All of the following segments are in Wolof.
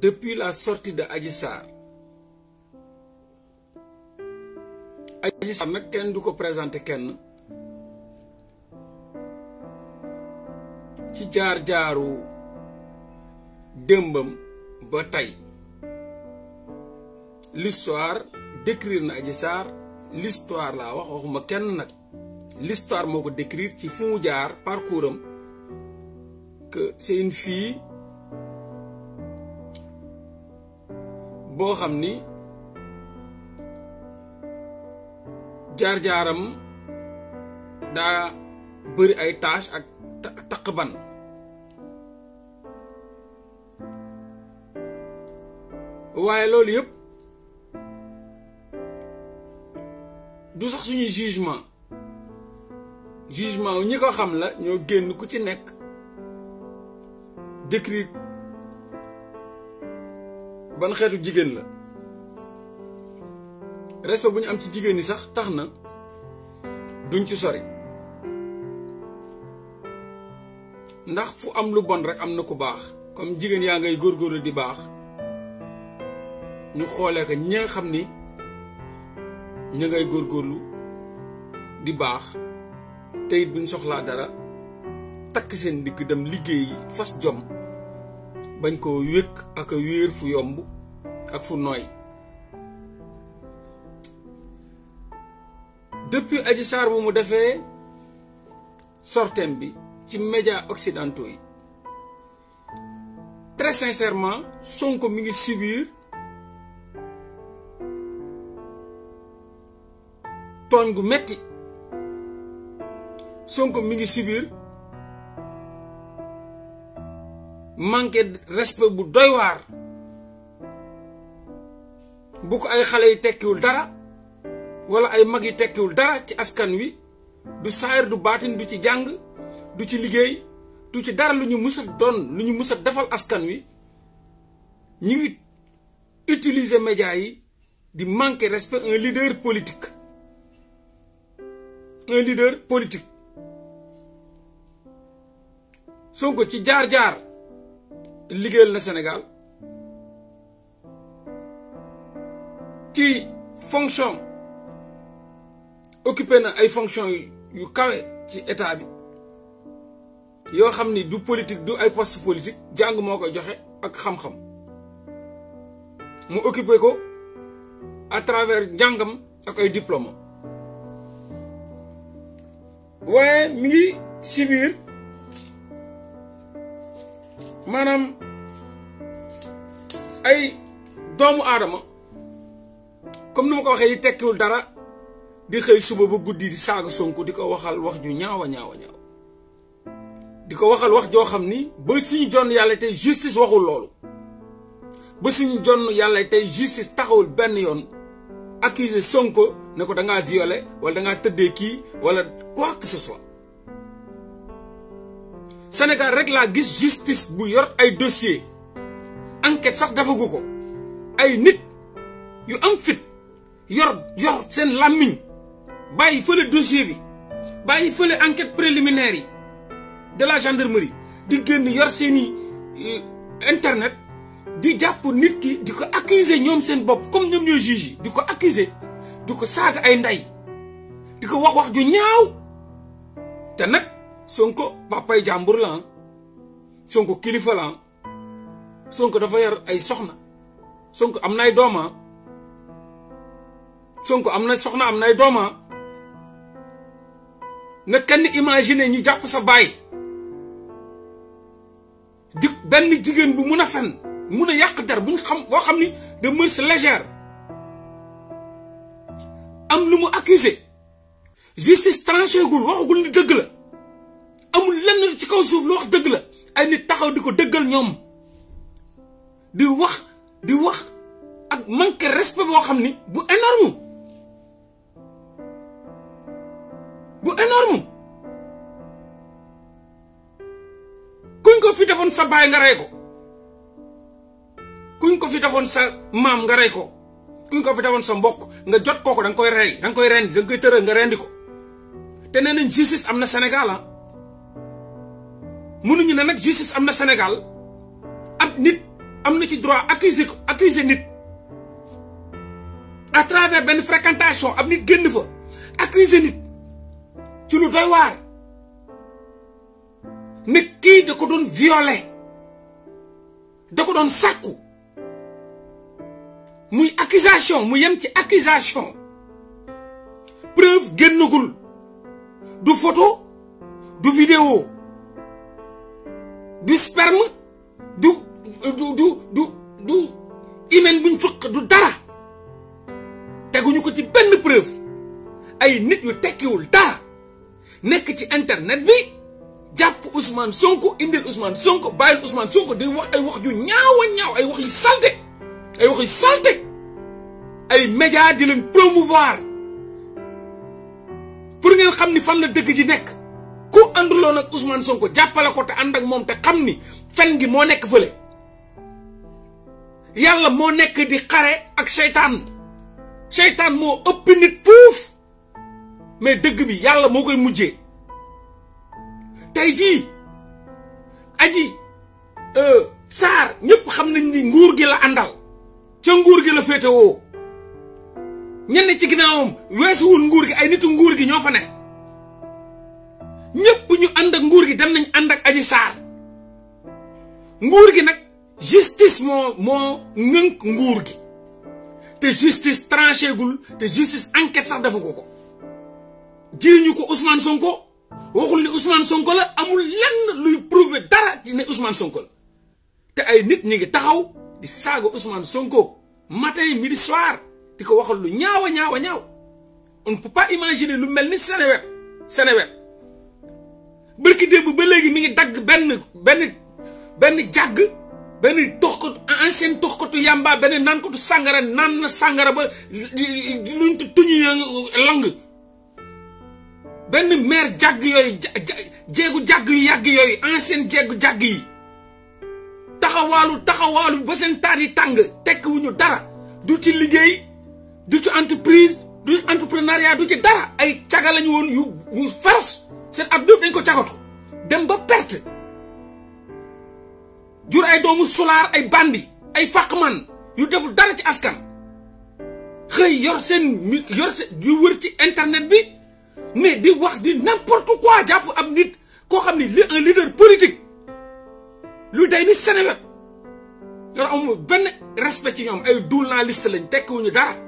depuis la sortie de Adji Sarr me Sarr nag kenn du présenté ci jaar l'histoire décrire na Adji l'histoire là, wax waxuma ken l'histoire moi décrire ci fu Jar, que c'est une fille bo xamni jarjaram jaar-jaaram daa bëri ay tâche ak taq ban waaye loolu yëpp du sax jugement jugement ñi ko xam la ñoo génn ku ci nekk décrire ban xétu jigen la respect buñ am ci jigen ni sax taxna duñ ci sori ndax fu am lu bon rek am na ku bax comme jigen ya ngay gor di bax ñu xolé ko ñi nga xam ngay gor di bax tay buñ soxla dara tak sen digg dem liggey fas jom bañ ko wékk ak a wéer fu yomb ak fu nooy depuis Adji Sarr bu mu defee bi ci médias occidentaux très sincèrement Sonko mi ngi subir tooñ gu metti Sonko mi subir manqué respect bu doy bu ko ay xale yu tekkiwul dara wala ay mag yu tekkiwul dara ci askan wi du saayir du baatin du ci jàng du ci liggéey du ci dara lu ñu mës a lu ñu mës defal askan wi ñu ngi utilise médias yi di manquer respect un leader politique un leader politique Sonko ci jaar-jaar liguel na Sénégal ci fonction occupé na ay fonction yu kawé ci état bi yo xamni du politique du ay poste politique jang moo koy joxe ak xam-xam mu occupé ko à travers jangam ak ay diplôme Ouais, mi civil. manam, ay doomu adama comme ni ma ko yi tekkiwul dara di xey suba ba guddi di saga sonku di waxal wax ju ñaawa ñaawa ñaaw di waxal wax jo xamni ni ba suñu jonn yàlla justice waxul lolu ba suñu jonn yalla tay justice taxawul ben yon accuser Sonko ne ko da nga violer wala da nga ki wala quoi que ce soit. Sénégal rek la gis justice bu yor ay dossier enquête sax dafa ko ay nit yu am fit yor yor sen làmmiñ bàyyi fële dossier bi bàyyi fële enquête préliminaire yi de la gendarmerie di génn yor seeni euh, internet di japp nit ki di ko accuser ñom sen bop comme ñom ñoy juge yi di ko accuser di ko saaga ay nday di ko wax wax ju ñaaw te nak Sonko papay jàmbur la Sonko kilifala la Sonko dafa yar ay soxna Sonko am na ay dooma Sonko am na soxna am na ay dooma na kenn imaginer ñu jàpp sa baay di benn jigéen bu mun a fen mun a yàq dar bu ñu xam boo xam ni de mœurs légères am lu mu accusé justice tranché gul waxagul ni dëgg amul lenn ci kaw suuf lu wax dëgg la ay nit taxaw di ko dëggal ñoom di wax di wax ak manque respect boo xam ni bu énorme bu énorme kuñ ko fi defoon sa baay nga rey ko kuñ ko fi defoon sa maam nga rey ko kuñ ko fi defoon sa mbokk nga jot kooku da nga koy rey da nga koy rendi da nga koy tëral nga rendi ko te nee nañ justice am na Sénégal ah ñu ne nag justice am Sénégal ab nit droit accuser accuser nit à travers benn fréquentation ab nit génn fa accuser nit ci lu doy waar ne qui da ko doon violer da ko doon accusation mu yem accusation preuve de du photo du vidéo du sperme du du du du du hymen buñ fëq du dara teguñu ko ci benn preuve ay nit yu tekkiwul dara nekk ci internet bi jàpp Ousmane Sonko indil Ousmane Sonko bàyyil Ousmane Sonko di wax ay wax yu ñaawa ñaaw ay wax yu salte ay wax yu salte ay média di leen promouvoir pour ngeen xam ni fan la dëgg ji nekk ku ànduloon ak Ousmane ko jàppale ko te ànd ak moom te xam ni fen gi moo nekk fële yàlla moo nekk di xare ak seytaan seytaan moo ëpp nit fuuf mais dëgg bi yàlla moo koy mujjee tey jii aji euh, saar ñëpp xam nañ ni nguur gi la àndal ca nguur gi la féetewoo ñenn ci ginnaawam weesuwul nguur gi ay nitu nguur gi ñoo fa ne ñëpp ñu ànd nguur gi dem nañ ànd ak Adji Sarr nguur gi nag justice moo moo ŋënk nguur gi te justice tranché gul te justice enquête sax defu ko ko jiiñu ko Ousmane Sonko waxul ne Ousmane Sonko la amul lenn luy prouver dara ci ne Ousmane Sonko la te ay nit ñi ngi taxaw di saaga Ousmane Sonko matin midi soir di ko waxal lu ñaawa ñaawa ñaaw on ne peut pas imaginer lu mel ni Seneweb Seneweb bërki démb ba léegi mi ngi dagg benn benn benn jàgg benn toxkatu ancien toxkatu yàmba benn naankatu sàngara naan na sàngara ba luñ tuñu uh, lang benn maire jàgg yooyu jéegu jàgg yu yàgg yooyu ancien jéegu jàgg yi taxawaalu taxawaalu ba seen taat yi tàng tekkiwuñu dara du ci liggéey du ci entreprise du entrepreneuriat du ci dara ay tiaga lañu won yu yu féroce seen ab dañ ko tiagatu dem ba perte jur ay doomu solar ay bandi ay fakman yu deful dara ci askan xey yor sen yor yu wër ci internet bi mais di wax di n'importe quoi japp ab nit ko xamni li un leader politique lu day ni Seneweb yor amul ben respect ci ñom ay duul liste lañ ñu dara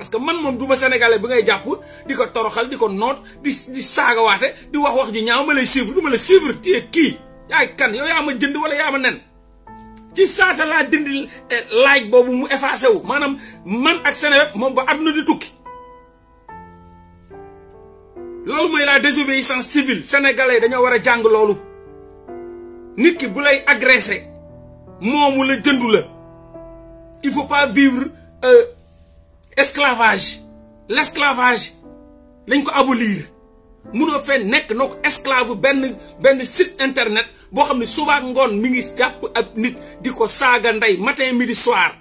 parce que man moom du ma sénégalais bi ngay jàpp di toroxal di ko noot di di saagawaate di wax wax ju ñaaw ma lay suivre du la suivre téye kii yaay kan yow yaa jënd wala yaa nen ci saasa laa dindi eh, laaj boobu mu effacé wu maanaam man ak ba di tukki la désobéissance civile sénégalais nit ki bu lay la jëndu la il faut pas vivre euh, esclavage l'esclavage nañ ko abolir munoo fe nek nok esclave ben ben site internet bo xamni ne ngone ngoon mi ngi jàpp ab nit diko saga nday matin midi soir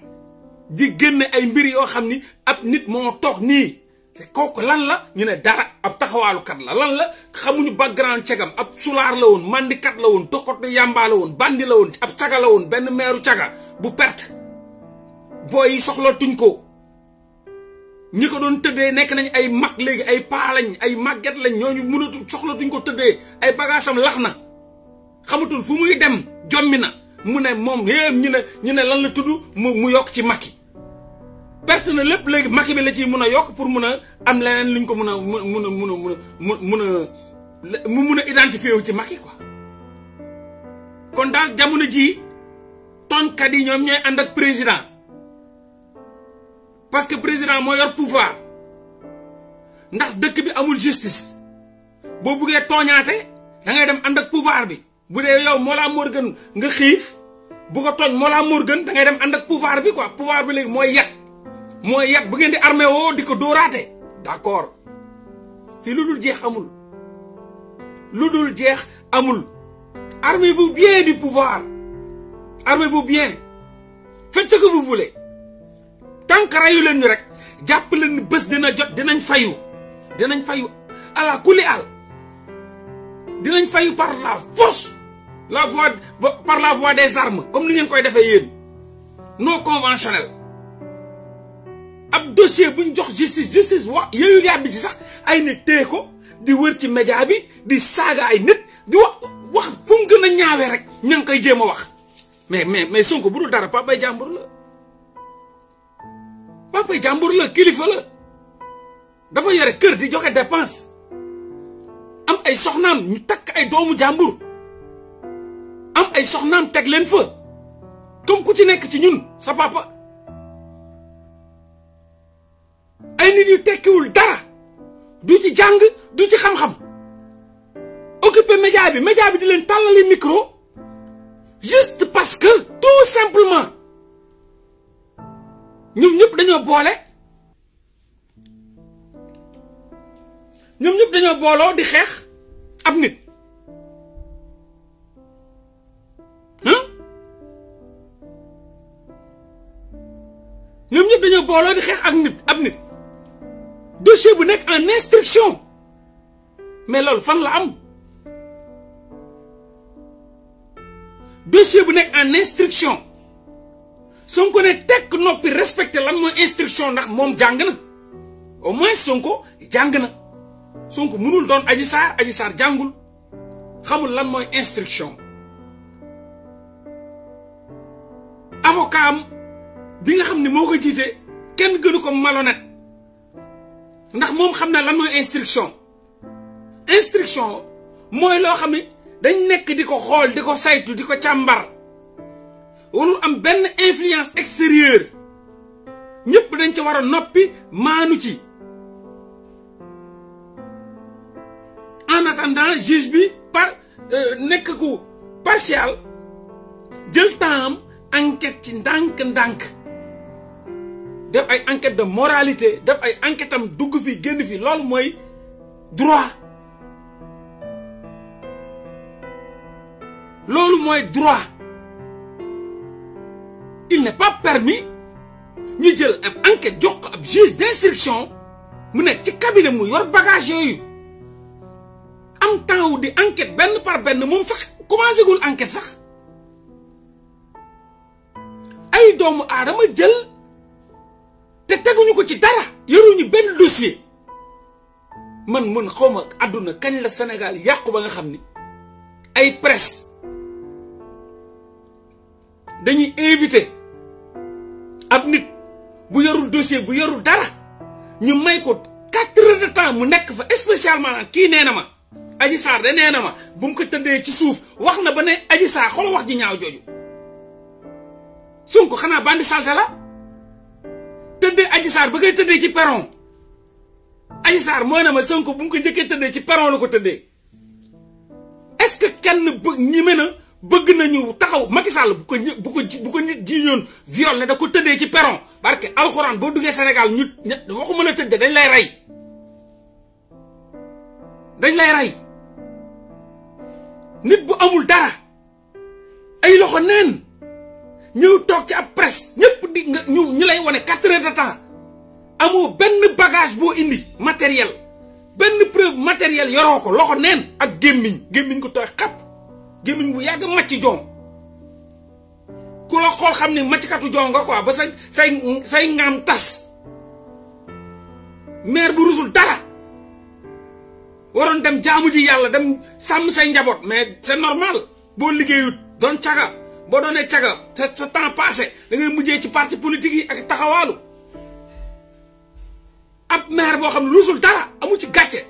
di genn ay mbir yo xamni ab nit mo tok ni lan la ñu ne dara ab kat la lan la xamuñu background cagam ab sulaar la woon mandikat la woon toxot yàmbaa bandi la won ab caga la won ben meru caga bu perte soxlo tuñ ko ñi ko doon tëddee nekk nañ ay mag léegi ay paa lañ ay màgget lañ ñooñu mënatu soxlatuñ ko tëddee ay bagaasam lax na xamatul fu muy dem jommi na mu ne moom yéen ñu ne ñu ne lan la tudd mu mu yokk ci makki perte na lépp léegi makki bi la ciy mun a yokk pour mun a am leneen luñ ko mun a mun a mun a mun a mu mun a identifié wu ci makki quoi kon daal jamono jii tonkat yi ñoom ñooy ànd ak président. parce que président moo yor pouvoir ndax dëkk bi amul justice boo buggee tooñaate da ngay dem ànd ak pouvoir bi bu dee yow Mollah Morgan, nga xiif bu ko tooñ Mollah Morgan, da ngay dem ànd ak pouvoir bi quoi pouvoir bi léegi mooy yat mooy yat bu ngeen di armé woo d'accord fii lu jeex amul lu dul jeex amul armez-vous bien du pouvoir armez-vous bien faites ce que vous voulez sànqarayu leen ñu rek japp leen ni bés dina jot dinañ fayu dinañ fayu ala kuli al dinañ fayu par la force la voix par la voix des armes comme ni ngeen koy defee yeen non conventionnel ab dossier buñ jox justice justice wax yooyu yàbbi ci sax ay ni té ko di wër ci média bi di saga ay nit di wax wax fu mu ñaawé rek ñang koy jéem wax mais mais mais Sonko buru dara pa bay jambour la. papa jàmbur la kilifa la dafa yore kër di joxe dépense am ay soxnaam ñu takk ay doomu jàmbur am ay soxnaam teg leen fa comme ku ci nekk ci ñun sa papa ay nit yu tekkiwul dara du ci jàng du ci xam-xam occupé média bi média bi di leen tàllali micro juste parce que tout simplement Nous ñëpp dañoo boole ñoom ñëpp dañoo booloo di xeex ab nit hein? ñoom ñëpp dañoo booloo di xeex ak nit ab nit dossier bu en instruction mais loolu fan la am dossier bu en instruction Sonko ne tek nopi respecter lan mooy instruction nak mom jàng au moins Sonko jàng Sonko mënul don Adji Sarr Adji Sarr jàngul xamul lan mooy instruction avocat am bi nga xam ne jité ko kenn gënu ko malonet. ndax mom xamna lan mooy instruction instruction moy lo xam dañ nek diko xol diko saytu diko chambar warul am benn influence extérieure ñëpp dañ ci war a noppi maanu ci en attendant juge bi par euh, nekk ku partial jël temps enquête ci ndànk-ndànk def ay enquête de moralité def ay enquête am dugg fi génn fi loolu mooy droit loolu mooy droit il n'est pas permis ñu jël ab enquête jox ko ab juge d'instruction mu nekk ci cabinet mu yor bagage yooyu am temps wu di enquête benn par benn moom sax commencé gul enquête sax ay doomu aadama jël te teguñu ko ci dara yoruñu benn dossier man mun xaw ma àdduna kañ la Sénégal yàqu ba nga xam ni ay presse dañuy invité. ab nit bu yorul dossier bu yorul dara ñu may ko quatre temps mu nekk fa spécialement kii nee na ma Adji Sarr de nee na ma bu mu ko tëddee ci suuf wax na ba ne aji Sarr xoolal wax ji ñaaw jooju Sonko xanaa bandi salte la tëddee aji Sarr ba koy tëddee ci perron Adji Sarr mooy na ma Sonko bu mu ko njëkkee tëddee ci perron la ko tëddee est-ce que kenn bu ñime na bëgg nañu taxaw Macky Sall bu ko bu ko bu ko nit ji ñoon viol ne da ko tëddee ci perron barke alxuraan boo duggee Sénégal ñu waxuma la tëdd dañ lay rey dañ lay rey nit bu amul dara ay loxo neen ñëw toog ci ab presse ñëpp di nga ñu ñu lay wane quatre heures de temps amoo benn bagage boo indi matériel benn preuve matériel yoroo ko loxo neen ak gémmiñ gémmiñ ko tooy xap gémmiñ bu yàgg màcc jong ku la xool xam ne màcckatu jong nga quoi ba sa say say ngaam tas maire bu rusul dara waroon dem jaamu ji yàlla dem sàmm say njaboot mais c'est normal boo liggéeyut doon caga boo doonee caga sa sa temps passé da ngay mujjee ci parti politique yi ak taxawaalu ab maire boo xam ne rusul dara amu ci gàcce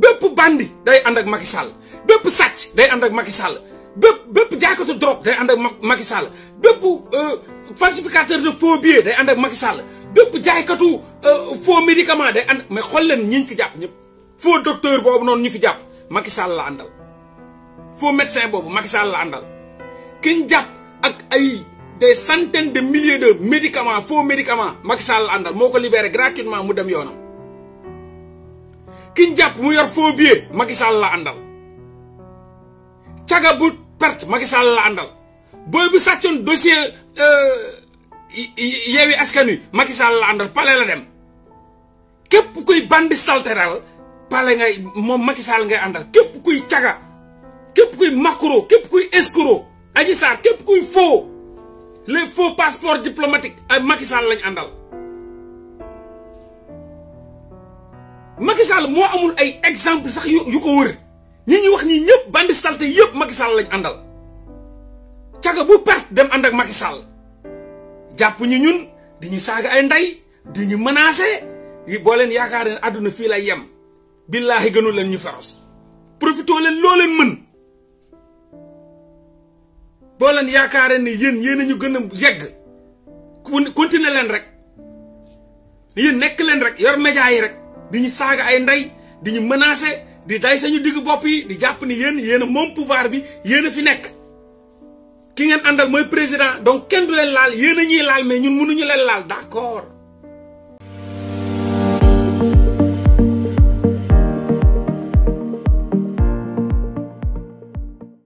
bépp bandi day ànd ak Macky Sall bépp sàcc day ànd ak Macky Sall bépp bépp jaakatu drogue day ànd ak Macky Sall bépp euh, falsificateur de faux billets day ànd ak Sall bépp jaaykatu euh, foo médicament day ànd mais xool leen ñiñ fi jàpp ñëpp faux docteur boobu noonu ñu fi jàpp Macky Sall la àndal foo médecin boobu Macky la àndal kiñ jàpp ak ay de centaines de milliers de médicaments faux médicaments Macky Sall la àndal moo ko libéré gratuitement mu dem yoonam kiñ jàpp mu yor faux billet Macky la àndal caga bu perte Macky la àndal booy bu sàccoon dossier euh, yeewi askan wi Macky la àndal pale la dem képp kuy bandi salte daal moom Macky Sall ngay àndal képp kuy caga képp kuy makro képp kuy escroc aji saar képp kuy faux les faux passeports diplomatiques ak Macky Sall lañ àndal Macky Sall mo amul ay exemple sax yu ko wër ñi ñi wax ñi ñëpp bandi salté yëpp Macky Sall lañ andal ciaga bu part dem andak ak Macky Sall japp ñu ñun dañuy saga ay ndey dañu menacer bo leen yaakaar aduna fi lay yam billahi gënul leen ñu feros profito leen lo leen mën bo leen yaakaare ni yeen yeen ñu yegg leen rek yeen nek leen rek yor média yi rek di ñu saaga ay ndey di ñu menacer di day sañu digg bopp yi di jàpp ni yéen yéen a moom pouvoir bi yéen a fi nekk. ki ngeen àndal mooy président donc kenn du leen laal yéen a ñuy laal mais ñun mënuñu leen laal d'accord.